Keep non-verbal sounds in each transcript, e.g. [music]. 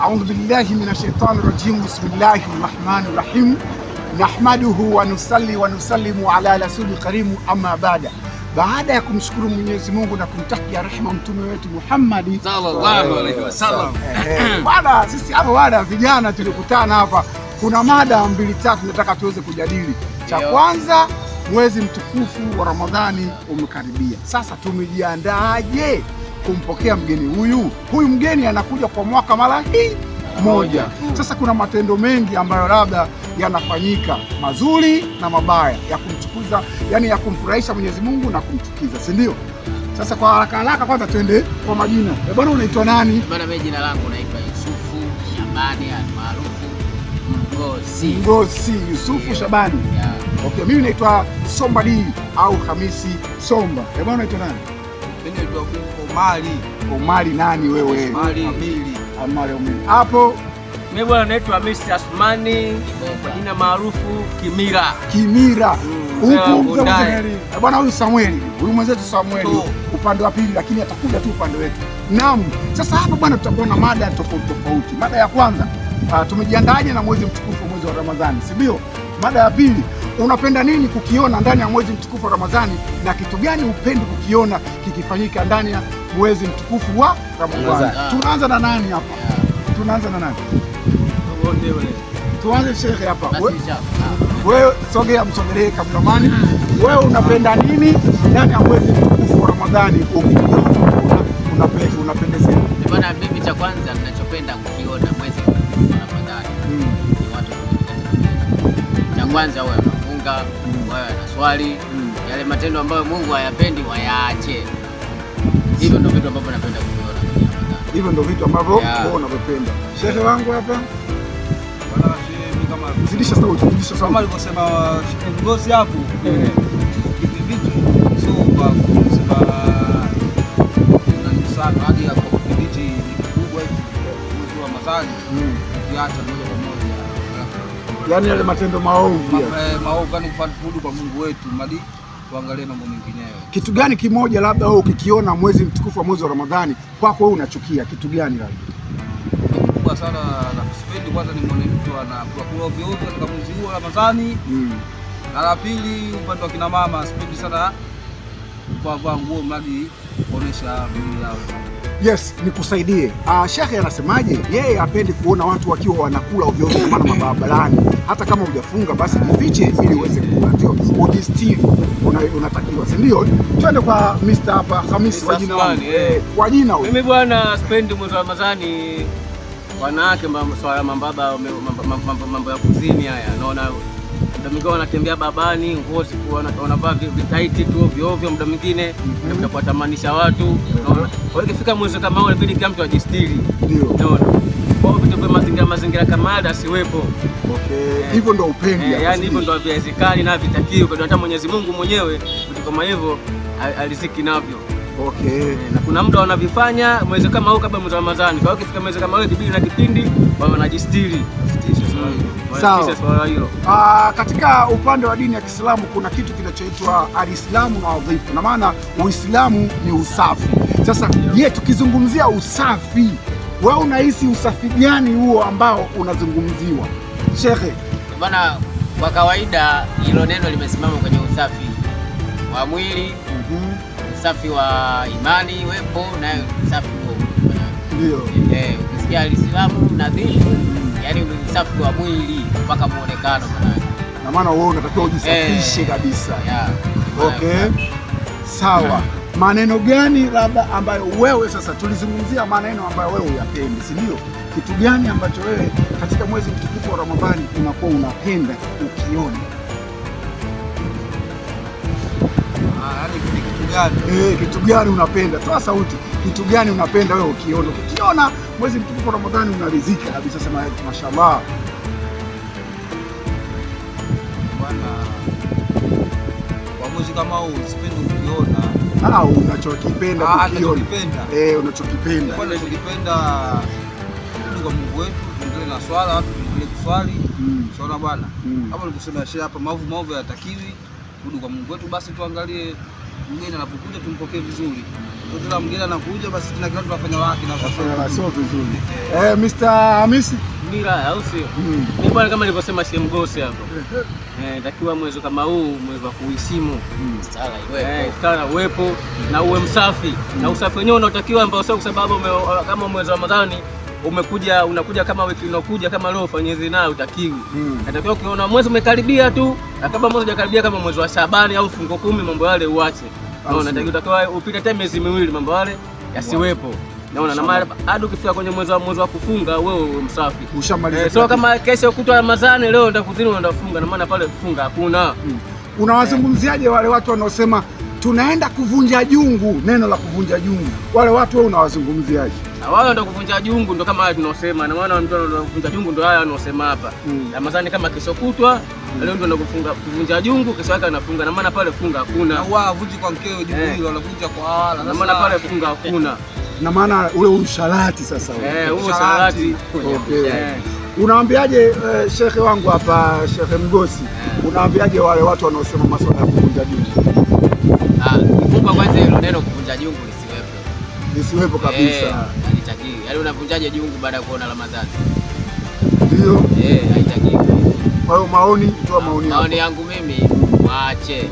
Audhu billahi min ashaitani rajim bismillahi rahmani rahim nahmaduhu wanusali wanusallimu ala rasuli karimu amma bada Baada ya kumshukuru Mwenyezi Mungu na kumtakia rehema mtume wetu Muhammad sallallahu alaihi wasallam, eh, eh. bwana, sisi hapa bwana vijana tulikutana hapa, kuna mada mbili tatu nataka tuweze kujadili. Cha kwanza mwezi mtukufu wa Ramadhani umekaribia, sasa tumejiandaaje? kumpokea mgeni huyu. Huyu mgeni anakuja kwa mwaka mara hii moja. Sasa kuna matendo mengi ambayo labda yanafanyika mazuri na mabaya ya kumchukiza, yani ya kumfurahisha Mwenyezi Mungu na kumchukiza, si ndio? Sasa kwa haraka haraka, kwanza twende kwa majina. E bwana, unaitwa nani? Bwana, mimi jina langu naitwa Yusufu Shabani almaarufu Ngosi. Ngosi Yusufu Shabani, yeah. Okay, mimi naitwa Somba D au Hamisi Somba. E bwana, unaitwa nani? Omari. Omari nani wewe? Hapo mimi bwana naitwa Mr. Asmani kwa jina maarufu Kimira. Kimira. Mm, eh, bwana huyu Samueli, huyu mwenzetu Samueli oh. upande wa pili, lakini atakuja tu upande wetu. Naam. Sasa hapa bwana, tutakuwa na mada tofauti tofauti. Mada ya kwanza ah, tumejiandaje na mwezi mtukufu, mwezi wa Ramadhani, si ndio? Mada ya pili Unapenda nini kukiona ndani ya mwezi mtukufu wa Ramadhani, na kitu gani upendi kukiona kikifanyika ndani ya mwezi mtukufu wa Ramadhani? Tunaanza na nani hapa? Tunaanza na nani? Tuanze shehe hapa. Wewe sogea, msogelee kabulamani. Wewe unapenda nini ndani ya mwezi mtukufu wa Ramadhani? Unapendeza bwana. Mimi cha kwanza ninachopenda kukiona mwezi mtukufu wa Ramadhani hmm. ni watu kwanza wewe kufunga mm. wawe wanaswali mm. yale matendo ambayo Mungu hayapendi wayaache. Hivyo ndio vitu ambavyo napenda kuona, Hivyo ndio vitu ambavyo wewe unavyopenda. Shehe wangu hapa zidisha sauti, zidisha sauti. Kama alivyosema eh, ngozi Ngosi hapo mm. eh, hivi vitu sio kwa kusema eh, sana hadi ya kudhibiti kubwa hivi kwa mazani mm. ukiacha moja yaani yale matendo maovu eh, maovu, yani kurudi kwa Mungu wetu mali tuangalie mambo mengineyo. Kitu gani kimoja labda wewe ukikiona mwezi mtukufu wa mwezi wa Ramadhani kwako wewe unachukia kitu gani? Labda kubwa sana na sipendi kwanza ni muone mtu anakula kula ovyo ovyo katika mwezi huu wa Ramadhani mm. na la pili, upande wa kina mama sipendi sana kwa nguo mradi kuonesha mwili yao. Yes, nikusaidie. Ah, Shehe anasemaje? Yeye hapendi kuona watu wakiwa wanakula ovyo ovyo kama mabarabarani. Hata kama hujafunga basi jifiche ili uweze kula, ndio ujistiri unatakiwa, si ndio? Twende kwa Mr. hapa Hamis, kwa jina wani, eh. Kwa jina huyo. Mimi bwana spendi mwezi wa Ramadhani wanawake mambo ya kuzini haya. Naona muda mwingine wanatembea babani, nguo wanavaa vitaiti tu ovyo ovyo, muda mwingine labda kuwatamanisha watu. Kwa hiyo ikifika mwezi kama ule inabidi kila mtu ajistiri, ndio unaona. vitu vya mazingira mazingira kama haya asiwepo. Okay, eh. hivyo ndio upendo eh, yani, hivyo ndio viwezekani na vitakiwi, kwa hata Mwenyezi Mungu mwenyewe vitu kama hivyo aliziki navyo. Okay. Eh, na kuna mtu anavifanya mwezi kama huu kabla mwezi wa Ramadhani. Kwa hiyo kifika mwezi kama huu kipindi na kipindi wao wanajistiri. Sawa. Mm, ah, katika upande wa dini ya Kiislamu kuna kitu kinachoitwa alislamu na wadhifu, na maana Uislamu ni usafi. Sasa je, tukizungumzia usafi, wewe unahisi usafi gani huo ambao unazungumziwa shekhe? Bana, kwa kawaida hilo neno limesimama kwenye usafi wa mwili -hmm. usafi wa imani wepo na usafi ndio eh, ya Uislamu nadhifu, yani usafi wa mwili mpaka muonekano Na maana wewe unatakiwa ujisafishe eh. kabisa. Yeah. Okay. Sawa. Yeah. Maneno gani labda ambayo wewe sasa, tulizungumzia maneno ambayo wewe uyapendi, si ndio? Kitu gani ambacho wewe katika mwezi mtukufu wa Ramadhani unakuwa unapenda ukiona? Ah, yaani eh, kitu gani unapenda? Toa sauti. Kitu gani unapenda wewe ukiona? Ukiona mwezi mtukufu Ramadhani unaridhika kabisa, sema mashallah. Bwana kama huu sipendi ukiona Ah, unachokipenda ah, unachokipenda eh, unachokipenda kwa Mungu wetu, tuendelee na swala, watu tuendelee kuswali mm. Saona bwana mm. Kama nilikusema shehe hapa, maovu maovu hayatakiwi. Rudi kwa Mungu wetu, basi tuangalie mgeni anapokuja tumpokee vizuri. Kila mgeni anakuja basi tuna kitu tunafanya wake na kwa sio vizuri. Eh, eh Mr. Hamisi Mira au sio? Mm. Ni bwana kama nilivyosema si mgosi hapo. [laughs] Eh, takiwa mwezi kama huu mwezi wa kuheshimu. Mm. Stara iwepo. Eh, uwepo na uwe msafi. Na mm. usafi wenyewe unaotakiwa ambao sio kwa sababu kama mwezi wa Ramadhani umekuja unakuja kama wiki unakuja kama leo ufanye zina utakiwi. Hmm. Natakiwa ukiona mwezi umekaribia tu, na kama mwezi hujakaribia kama mwezi wa Shabani au mfungo kumi mambo yale uache. Naona natakiwa utakiwa upite tena miezi miwili mambo yale yasiwepo. Naona na mara hadi ukifika kwenye mwezi wa mwezi wa kufunga wewe msafi. Ushamaliza. Eh, so kama kesho kutwa Ramadhani leo ndio kuzini unaenda kufunga na maana pale kufunga hakuna. Hmm. Unawazungumziaje wale watu wanaosema tunaenda kuvunja jungu. Neno la kuvunja jungu, wale watu wao unawazungumziaje? Wao ndio kuvunja jungu, ndio kama haya tunaosema, na maana mtu anavunja jungu ndio haya anaosema hapa Ramadhani. Hmm. Kama kesho kutwa hmm. leo ndio anakufunga kuvunja jungu, kesho yake anafunga, na maana pale funga hakuna, hawavuji kwa mkeo jungu eh. hilo, anavunja kwa hala, na maana pale funga hakuna, na maana ule usharati sasa, eh, usharati. Okay, eh. unaambiaje uh, eh, shekhe wangu hapa, shekhe Mgosi, unaambiaje wale watu wanaosema masuala ya kuvunja jungu? Ah, mfupa kwanza, hilo neno kuvunja jungu lisiwepo, lisiwepo kabisa. Eh, Halitakiwi. Yaani unavunjaje jungu baada ya kuona alama zake? Ndio. Eh, haitakiwi. Kwa hiyo maoni, toa ah, maoni yako. Maoni yangu mimi waache.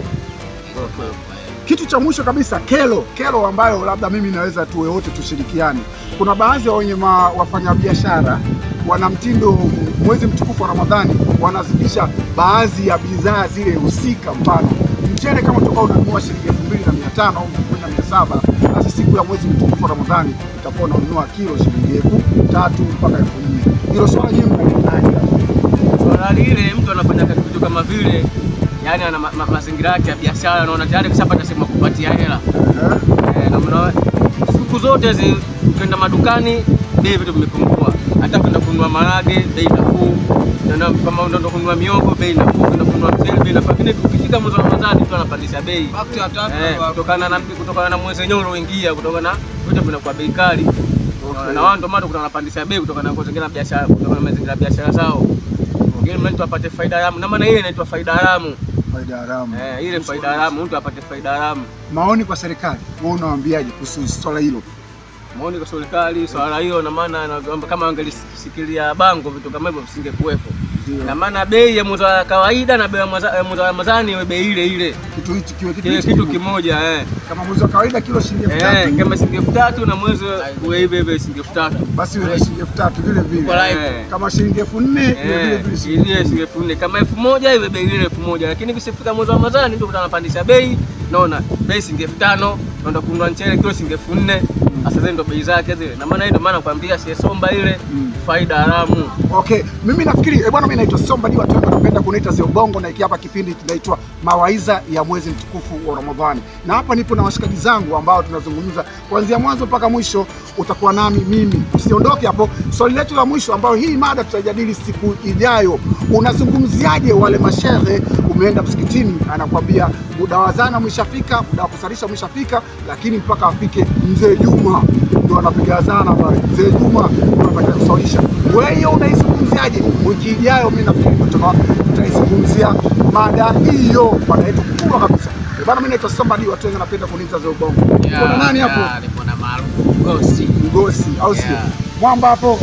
Kitu cha mwisho kabisa, kero kero ambayo labda mimi naweza tu wote tushirikiane. Kuna baadhi ya wenye wafanyabiashara wana mtindo mwezi mtukufu wa Ramadhani wanazidisha baadhi ya bidhaa zile husika, mfano mchele kama tukao unanunua shilingi mbili na mia tano au elfu mbili na mia saba basi siku ya mwezi mtukufu Ramadhani utakuwa unanunua kilo shilingi elfu tatu mpaka elfu nne Hilo swala je, mnalionaje? Swala lile mtu anafanya kazi kitu kama vile yani ana ma, ma, mazingira yake ya biashara anaona tayari kishapata sehemu kupatia hela eh, na siku zote ukenda madukani bei vitu vimepungua hata kwenda kununua marage bei nafuu, kama unataka kununua miogo bei nafuu, kwenda kununua mchele bei nafuu. Lakini tukifika mwezi wa Ramadhani tu anapandisha bei eh, kutokana na kutokana na mwezi wenyewe unaoingia, kutokana na vitu vinakuwa bei kali na wao, ndio maana wanapandisha bei kutokana na zingine biashara, kutokana na mazingira biashara zao, ili mtu apate faida haramu, na maana ile inaitwa faida haramu, faida haramu. Eh, ile faida haramu, mtu apate faida haramu. Maoni kwa serikali, wewe unawaambiaje kuhusu swala hilo? maoni kwa serikali swala hilo, na maana kama wangelisikilia bango vitu kama hivyo visingekuwepo. Na maana bei ya mzao wa kawaida na bei ya mzao wa eh, mazani ni bei ile ile, kitu hichi kiwe kitu kimoja eh. Kama mzao wa kawaida kilo shilingi 3000 eh, kama shilingi 3000 na mwezi uwe hivyo hivyo shilingi 3000, basi uwe shilingi 3000 vile vile, eh. kama shilingi 4000 eh, vile vile, ile shilingi 4000 kama 1000 iwe bei ile 1000, lakini kisifika mwezi wa mazani ndio utanapandisha bei naona bei shilingi elfu tano naenda kununua mchele kilo shilingi elfu nne mm. Sasa zile ndo bei zake zile, na maana hiyo ndo maana nakwambia somba ile mm. faida haramu. Okay, mimi nafikiri eh, bwana, mimi naitwa Somba, watu wengi wanapenda kuniita Zee Ubongo, na hiki hapa kipindi kinaitwa Mawaidha ya Mwezi Mtukufu wa Ramadhani, na hapa nipo na washikaji zangu ambao tunazungumza kuanzia mwanzo mpaka mwisho. Utakuwa nami mimi, usiondoke hapo. Swali letu la mwisho, ambayo hii mada tutajadili siku ijayo, unazungumziaje wale mashehe umeenda msikitini, anakwambia muda wa zana umeshafika, muda wa kusalisha umeshafika, lakini mpaka afike mzee Juma ndio anapiga zana pale. Mzee Juma anataka kusalisha. Wewe hiyo unaizungumziaje? Wiki ijayo mimi nafikiri tutakuwa tutaizungumzia mada hiyo, mada yetu kubwa kabisa. Bana, mimi naitwa Somebody, watu wengi wanapenda kuniita za Ubongo. Yeah, Kuna nani hapo? Yeah, Ni bwana maarufu Mgosi. Mgosi au sio? Mwamba hapo.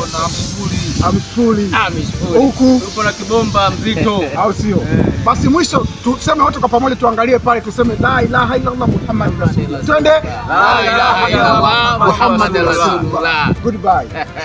Kuna yeah, Mfuli amsuli ah, huku uko na kibomba mzito, [laughs] au sio? Eh. Basi mwisho tuseme watu kwa pamoja, tuangalie pale, tuseme la ilaha illa Allah Muhammad rasulullah. Twende, la ilaha illa Allah Muhammad rasulullah. Goodbye. [laughs]